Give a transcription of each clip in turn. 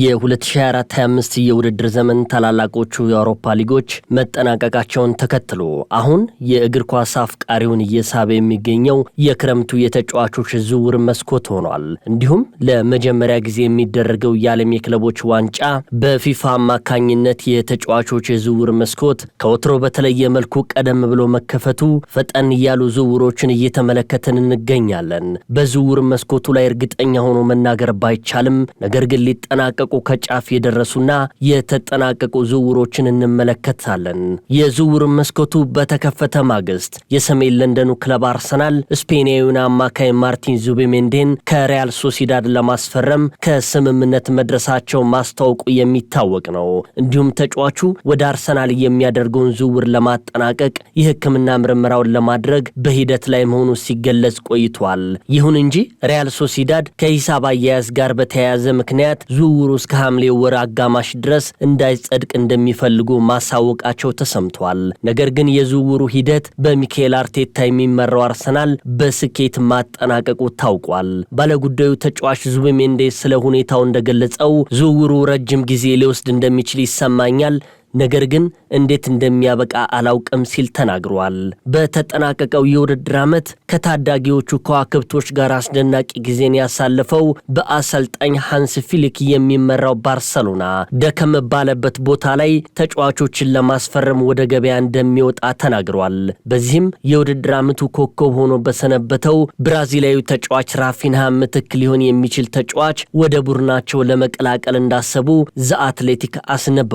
የ2024/25 የውድድር ዘመን ታላላቆቹ የአውሮፓ ሊጎች መጠናቀቃቸውን ተከትሎ አሁን የእግር ኳስ አፍቃሪውን እየሳበ የሚገኘው የክረምቱ የተጫዋቾች ዝውውር መስኮት ሆኗል። እንዲሁም ለመጀመሪያ ጊዜ የሚደረገው የዓለም የክለቦች ዋንጫ በፊፋ አማካኝነት የተጫዋቾች የዝውውር መስኮት ከወትሮ በተለየ መልኩ ቀደም ብሎ መከፈቱ ፈጠን እያሉ ዝውውሮችን እየተመለከትን እንገኛለን። በዝውውር መስኮቱ ላይ እርግጠኛ ሆኖ መናገር ባይቻልም ነገር ግን ሊጠናቀ የተጠናቀቁ ከጫፍ የደረሱና የተጠናቀቁ ዝውውሮችን እንመለከታለን። የዝውውር መስኮቱ በተከፈተ ማግስት የሰሜን ለንደኑ ክለብ አርሰናል ስፔናዊውን አማካይ ማርቲን ዙቤሜንዴን ከሪያል ሶሲዳድ ለማስፈረም ከስምምነት መድረሳቸው ማስታወቁ የሚታወቅ ነው። እንዲሁም ተጫዋቹ ወደ አርሰናል የሚያደርገውን ዝውውር ለማጠናቀቅ የሕክምና ምርመራውን ለማድረግ በሂደት ላይ መሆኑ ሲገለጽ ቆይቷል። ይሁን እንጂ ሪያል ሶሲዳድ ከሂሳብ አያያዝ ጋር በተያያዘ ምክንያት ዝውውሩ እስከ ሐምሌ ወር አጋማሽ ድረስ እንዳይጸድቅ እንደሚፈልጉ ማሳወቃቸው ተሰምቷል። ነገር ግን የዝውውሩ ሂደት በሚካኤል አርቴታ የሚመራው አርሰናል በስኬት ማጠናቀቁ ታውቋል። ባለጉዳዩ ተጫዋች ዙቢሜንዴ ስለ ሁኔታው እንደገለጸው ዝውውሩ ረጅም ጊዜ ሊወስድ እንደሚችል ይሰማኛል ነገር ግን እንዴት እንደሚያበቃ አላውቅም ሲል ተናግሯል። በተጠናቀቀው የውድድር ዓመት ከታዳጊዎቹ ከዋክብቶች ጋር አስደናቂ ጊዜን ያሳለፈው በአሰልጣኝ ሃንስ ፊሊክ የሚመራው ባርሰሎና ደከም ባለበት ቦታ ላይ ተጫዋቾችን ለማስፈረም ወደ ገበያ እንደሚወጣ ተናግሯል። በዚህም የውድድር ዓመቱ ኮከብ ሆኖ በሰነበተው ብራዚላዊ ተጫዋች ራፊንሃ ምትክ ሊሆን የሚችል ተጫዋች ወደ ቡድናቸው ለመቀላቀል እንዳሰቡ ዘአትሌቲክ አትሌቲክ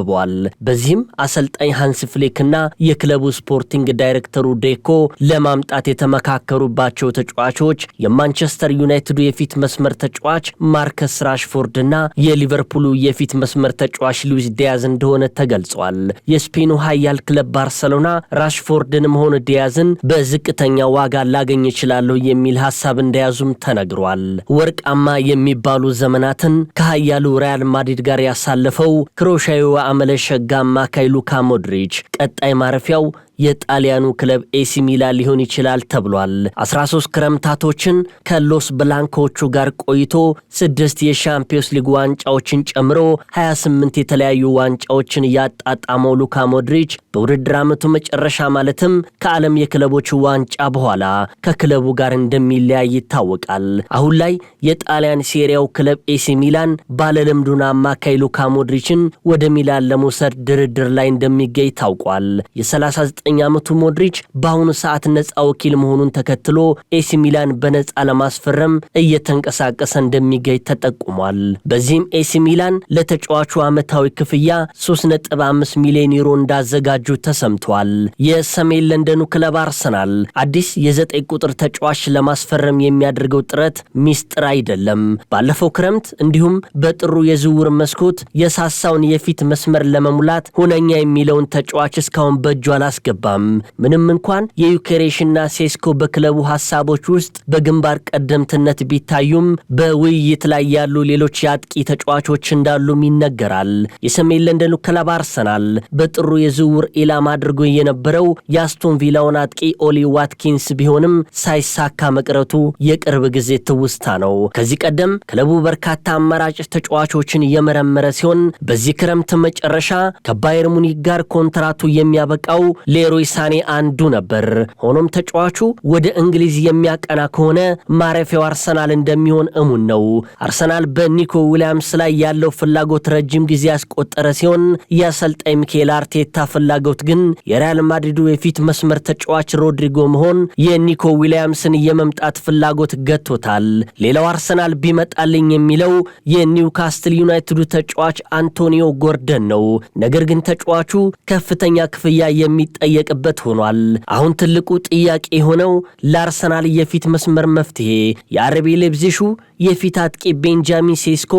በዚህ ለዚህም አሰልጣኝ ሃንስ ፍሊክና የክለቡ ስፖርቲንግ ዳይሬክተሩ ዴኮ ለማምጣት የተመካከሩባቸው ተጫዋቾች የማንቸስተር ዩናይትዱ የፊት መስመር ተጫዋች ማርከስ ራሽፎርድና የሊቨርፑሉ የፊት መስመር ተጫዋች ሉዊስ ዲያዝ እንደሆነ ተገልጿል። የስፔኑ ኃያል ክለብ ባርሰሎና ራሽፎርድንም ሆነ ዲያዝን በዝቅተኛ ዋጋ ላገኝ እችላለሁ የሚል ሀሳብ እንደያዙም ተነግሯል። ወርቃማ የሚባሉ ዘመናትን ከኃያሉ ሪያል ማድሪድ ጋር ያሳለፈው ክሮሻዊ አመለ ሸጋማ አማካይ ሉካ ሞድሪች ቀጣይ ማረፊያው የጣሊያኑ ክለብ ኤሲ ሚላን ሊሆን ይችላል ተብሏል። 13 ክረምታቶችን ከሎስ ብላንኮቹ ጋር ቆይቶ ስድስት የሻምፒዮንስ ሊግ ዋንጫዎችን ጨምሮ 28 የተለያዩ ዋንጫዎችን ያጣጣመው ሉካ ሞድሪች በውድድር ዓመቱ መጨረሻ ማለትም ከዓለም የክለቦች ዋንጫ በኋላ ከክለቡ ጋር እንደሚለያይ ይታወቃል። አሁን ላይ የጣሊያን ሴሪያው ክለብ ኤሲ ሚላን ባለልምዱን አማካይ ሉካ ሞድሪችን ወደ ሚላን ለመውሰድ ድርድር ላይ እንደሚገኝ ታውቋል። የ39 የ19 ዓመቱ ሞድሪች በአሁኑ ሰዓት ነፃ ወኪል መሆኑን ተከትሎ ኤሲ ሚላን በነፃ ለማስፈረም እየተንቀሳቀሰ እንደሚገኝ ተጠቁሟል። በዚህም ኤሲ ሚላን ለተጫዋቹ ዓመታዊ ክፍያ 3.5 ሚሊዮን ዩሮ እንዳዘጋጁ ተሰምቷል። የሰሜን ለንደኑ ክለብ አርሰናል አዲስ የዘጠኝ ቁጥር ተጫዋች ለማስፈረም የሚያደርገው ጥረት ሚስጥር አይደለም። ባለፈው ክረምት እንዲሁም በጥሩ የዝውውር መስኮት የሳሳውን የፊት መስመር ለመሙላት ሁነኛ የሚለውን ተጫዋች እስካሁን በእጁ አላስገባ አልገባም። ምንም እንኳን የዩኬሬሽና ሴስኮ በክለቡ ሀሳቦች ውስጥ በግንባር ቀደምትነት ቢታዩም በውይይት ላይ ያሉ ሌሎች የአጥቂ ተጫዋቾች እንዳሉም ይነገራል። የሰሜን ለንደኑ ክለብ አርሰናል በጥሩ የዝውውር ኢላማ አድርጎ የነበረው የአስቶን ቪላውን አጥቂ ኦሊ ዋትኪንስ ቢሆንም ሳይሳካ መቅረቱ የቅርብ ጊዜ ትውስታ ነው። ከዚህ ቀደም ክለቡ በርካታ አማራጭ ተጫዋቾችን እየመረመረ ሲሆን በዚህ ክረምት መጨረሻ ከባየር ሙኒክ ጋር ኮንትራቱ የሚያበቃው leroy ሳኔ አንዱ ነበር። ሆኖም ተጫዋቹ ወደ እንግሊዝ የሚያቀና ከሆነ ማረፊያው አርሰናል እንደሚሆን እሙን ነው። አርሰናል በኒኮ ዊሊያምስ ላይ ያለው ፍላጎት ረጅም ጊዜ ያስቆጠረ ሲሆን የአሰልጣኝ ሚኬል አርቴታ ፍላጎት ግን የሪያል ማድሪዱ የፊት መስመር ተጫዋች ሮድሪጎ መሆን የኒኮ ዊሊያምስን የመምጣት ፍላጎት ገጥቶታል። ሌላው አርሰናል ቢመጣልኝ የሚለው የኒውካስትል ዩናይትዱ ተጫዋች አንቶኒዮ ጎርደን ነው። ነገር ግን ተጫዋቹ ከፍተኛ ክፍያ የሚጠየ የሚጠየቅበት ሆኗል። አሁን ትልቁ ጥያቄ የሆነው ለአርሰናል የፊት መስመር መፍትሄ የአረቤ ሌብዚሹ የፊት አጥቂ ቤንጃሚን ሴስኮ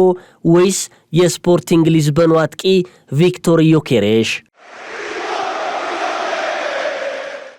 ወይስ የስፖርቲንግ ሊዝበኑ አጥቂ ቪክቶር ዮኬሬሽ?